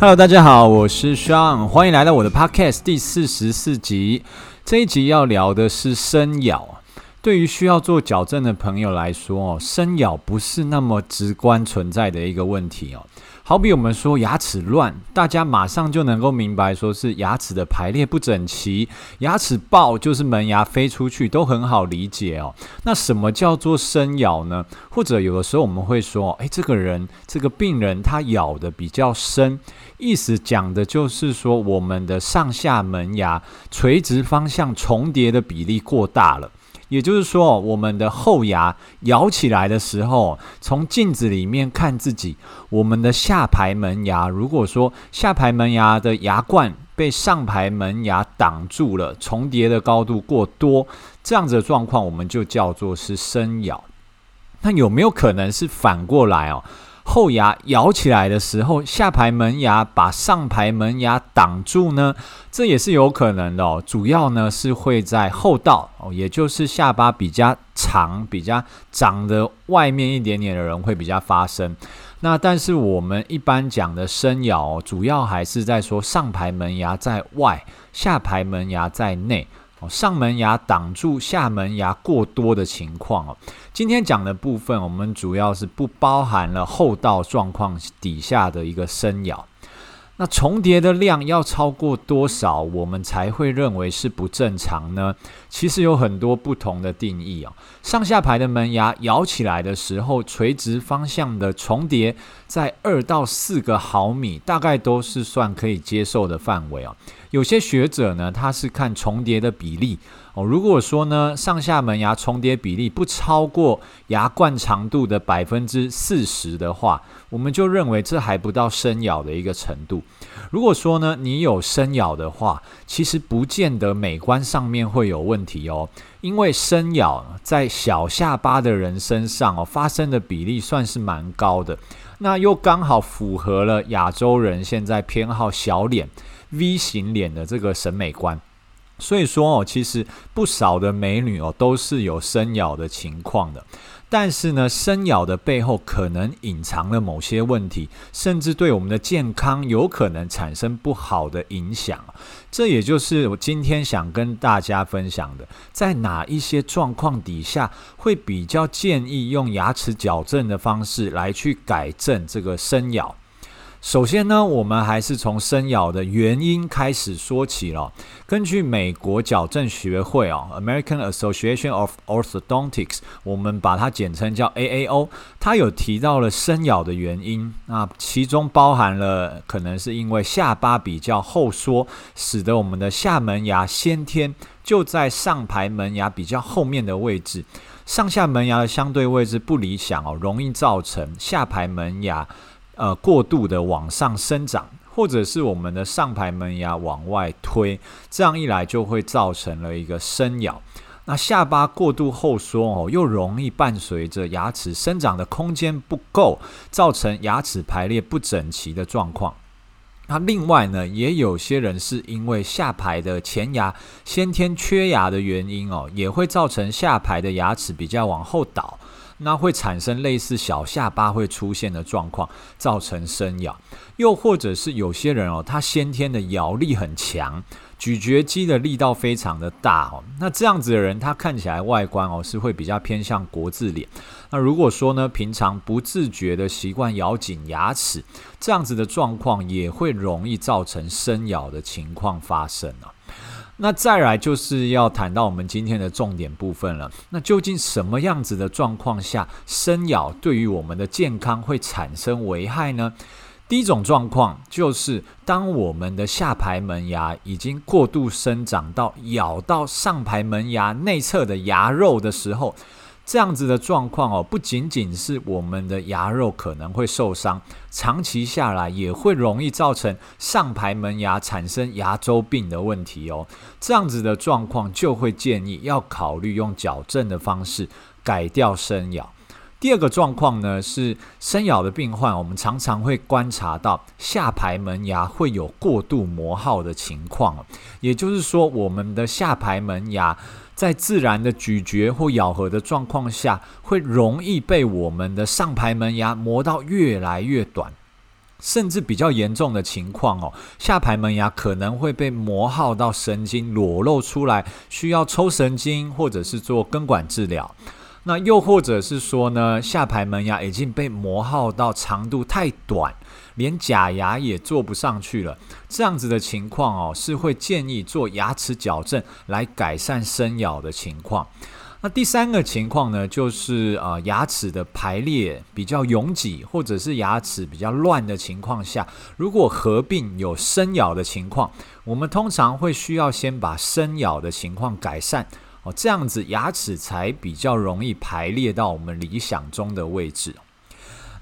Hello，大家好，我是 Sean，歡迎來到我的 Podcast 第四十四集。這一集要聊的是深咬，對於需要做矯正的朋友來說哦，深咬不是那麼直觀存在的一個問題哦。好比我們說牙齒亂，大家馬上就能夠明白，說是牙齒的排列不整齊，牙齒暴就是門牙飛出去，都很好理解哦。那什麼叫做深咬呢？或者有的時候我們會說，誒、哎，這個人這個病人他咬得比較深，意思講的就是說我們的上下門牙垂直方向重疊的比例過大了。也就是說，我們的後牙咬起來的時候，從鏡子裡面看自己，我們的下排門牙，如果說下排門牙的牙冠被上排門牙擋住了，重疊的高度過多，這樣子的狀況，我們就叫做是深咬。那有沒有可能是反過來哦？後牙咬起來的時候，下排門牙把上排門牙擋住呢，這也是有可能的哦。主要呢是會在後道哦，也就是下巴比較長、比較長的外面一點點的人會比較發生。那但是我們一般講的深咬哦，主要還是在說上排門牙在外，下排門牙在內。上門牙擋住下門牙過多的情況哦。今天講的部分，我們主要是不包含了後道狀況底下的一個深咬。那重疊的量要超過多少，我們才會認為是不正常呢？其實有很多不同的定義哦，上下排的門牙咬起來的時候，垂直方向的重疊在二到四個毫米，大概都是算可以接受的範圍哦。有些學者呢，他是看重疊的比例哦。如果說呢，上下門牙重疊比例不超過牙冠長度的百分之四十的話，我們就認為這還不到深咬的一個程度。如果說呢，你有深咬的話，其實不見得美觀上面會有問題哦，因為深咬在小下巴的人身上哦，發生的比例算是蠻高的。那又剛好符合了亞洲人現在偏好小臉。V 型臉的這個審美觀，所以說哦，其實不少的美女哦都是有深咬的情況的，但是呢，深咬的背後可能隱藏了某些問題，甚至對我們的健康有可能產生不好的影響啊。這也就是我今天想跟大家分享的，在哪一些狀況底下會比較建議用牙齒矯正的方式來去改正這個深咬。首先呢，我們還是從深咬的原因開始說起了、哦。根據美國矯正學會啊、哦、（American Association of Orthodontics），我們把它簡稱叫 AAO，它有提到了深咬的原因。那其中包含了可能是因為下巴比較後縮，使得我們的下門牙先天就在上排門牙比較後面的位置，上下門牙的相對位置不理想哦，容易造成下排門牙。呃，過度的往上生長，或者是我們的上排門牙往外推，這樣一來就會造成了一個深咬。那下巴過度後縮哦，又容易伴隨着牙齒生長的空間不夠，造成牙齒排列不整齊的狀況。那另外呢，也有些人是因為下排的前牙先天缺牙的原因哦，也會造成下排的牙齒比較往後倒，那會產生類似小下巴會出現的狀況，造成深咬。又或者是有些人哦，他先天的咬力很強。咀嚼肌的力道非常的大哦。那這樣子的人，他看起來外觀哦，是會比較偏向國字臉。那如果說呢，平常不自覺的習慣咬緊牙齒，這樣子的狀況也會容易造成深咬的情況發生啊、哦。那再來就是要談到我們今天的重點部分了。那究竟什麼樣子的狀況下，深咬對於我們的健康會產生危害呢？第一種狀況就是，當我們的下排門牙已經過度生長到咬到上排門牙內側的牙肉的時候，這樣子的狀況哦，不僅僅是我們的牙肉可能會受傷，長期下來也會容易造成上排門牙產生牙周病的問題哦。這樣子的狀況就會建議要考慮用矯正的方式改掉深咬。第二個狀況呢，是深咬的病患，我們常常會觀察到下排門牙會有過度磨耗的情況。也就是說，我們的下排門牙在自然的咀嚼或咬合的狀況下，會容易被我們的上排門牙磨到越來越短，甚至比較嚴重的情況哦，下排門牙可能會被磨耗到神經裸露出來，需要抽神經或者是做根管治療。那又或者是說呢，下排門牙已經被磨耗到長度太短，連假牙也做不上去了。這樣子的情況哦，是會建議做牙齒矯正來改善深咬的情況。那第三個情況呢，就是啊、呃，牙齒的排列比較擁擠，或者是牙齒比較亂的情況下，如果合併有深咬的情況，我們通常會需要先把深咬的情況改善。這樣子牙齒才比較容易排列到我們理想中的位置。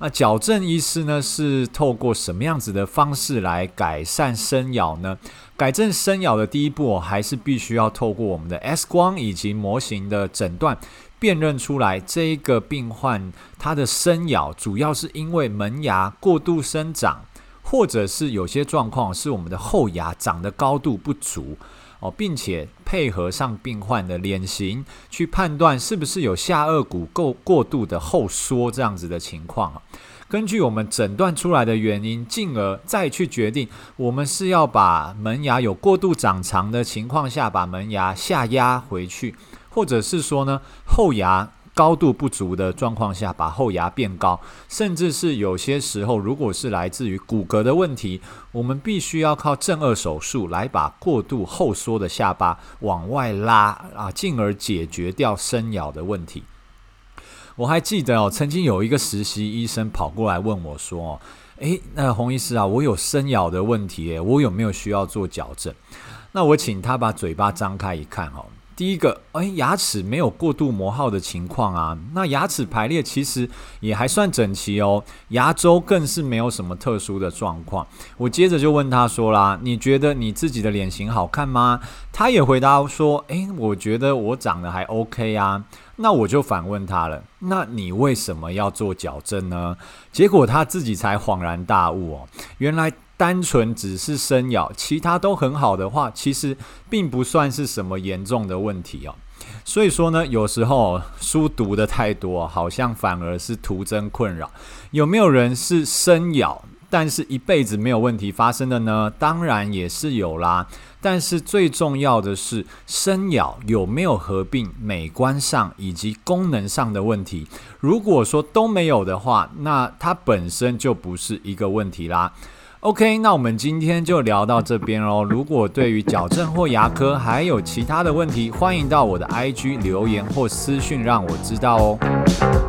那矯正醫師呢，是透過什麼樣子的方式來改善深咬呢？改正深咬的第一步，還是必須要透過我們的 X 光以及模型的診斷，辨認出來這一個病患他的深咬，主要是因為門牙過度生長，或者是有些狀況是我們的後牙長得高度不足。哦，並且配合上病患的臉型去判斷是不是有下顎骨過過度的後縮這樣子的情況啊。根據我們診斷出來的原因，進而再去決定我們是要把門牙有過度長長的情況下，把門牙下壓回去，或者是說呢後牙。高度不足的狀況下，把後牙變高，甚至是有些時候，如果是來自於骨骼的問題，我們必須要靠正顎手術來把過度後縮的下巴往外拉啊，進而解決掉深咬的問題。我還記得哦，曾經有一個實習醫生跑過來問我說、哦：“誒，那洪醫師啊，我有深咬的問題，誒，我有沒有需要做矯正？”那我請他把嘴巴張開一看、哦，第一個，欸，牙齒沒有過度磨耗的情況啊，那牙齒排列其實也還算整齊哦，牙周更是沒有什麼特殊的狀況。我接着就問他說啦，你覺得你自己的臉型好看嗎？他也回答說，欸，我覺得我長得還 OK 啊。那我就反問他了，那你為什麼要做矯正呢？結果他自己才恍然大悟哦，原來。單純只是深咬，其他都很好的話，其實並不算是什麼嚴重的問題哦。所以說呢，有時候書讀得太多，好像反而是徒增困擾。有沒有人是深咬，但是一輩子沒有問題發生的呢？當然也是有啦。但是最重要的是，深咬有沒有合併美觀上以及功能上的問題？如果說都沒有的話，那它本身就不是一個問題啦。OK，那我們今天就聊到這邊哦。如果對於矯正或牙科還有其他的問題，歡迎到我的 IG 留言或私訊讓我知道哦。